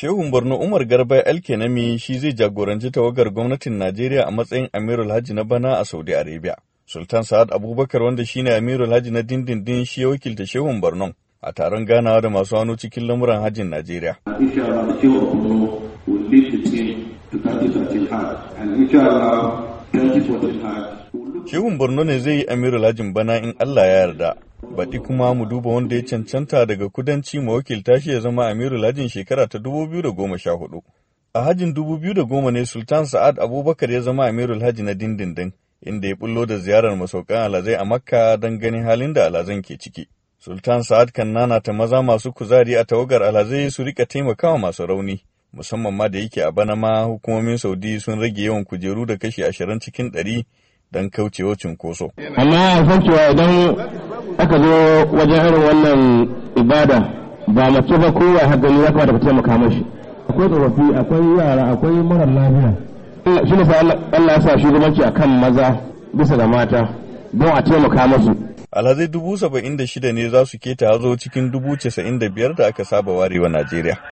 Shehun Borno Umar Garba Elkenami shi zai jagoranci tawagar gwamnatin Najeriya a matsayin Amirul Hajji na bana a Saudi Arabia. Sultan Sa'ad Abubakar wanda shine Amirul Hajji na dindindin shi ya wakilta Shehun Borno a taron ganawa da masu hannu cikin lamuran hajjin Najeriya. Shehun Borno ne zai yi Amirul Hajjin bana in Allah ya yarda. Baɗi kuma mu duba wanda ya cancanta daga kudanci mawakilta tashi ya zama Amiru Lajin shekara ta dubu sha 2014. A hajin dubu biyu da goma ne Sultan Sa'ad Abubakar ya zama amiru lhaji na dindindin, inda ya bullo da ziyarar masaukan alazai a Makka don ganin halin da alazan ke ciki. Sultan Sa'ad kan nana ta maza masu kuzari a tawagar alazai su rika taimakawa masu rauni, musamman ma da yake a bana ma hukumomin Saudi sun rage yawan kujeru da kashi ashirin cikin ɗari don kaucewa cunkoso. Amma a idan aka zo wajen irin wannan ibada ba mace ba kowa har gani ya kamata ka taimaka mashi akwai tsofaffi akwai yara akwai marar lafiya eh, shi ne Allah ya sa shugabanci akan maza bisa da mata don a taimaka musu? alhazai dubu saba'in da shida ne za su keta hazo cikin dubu casa'in da biyar da aka saba warewa Najeriya.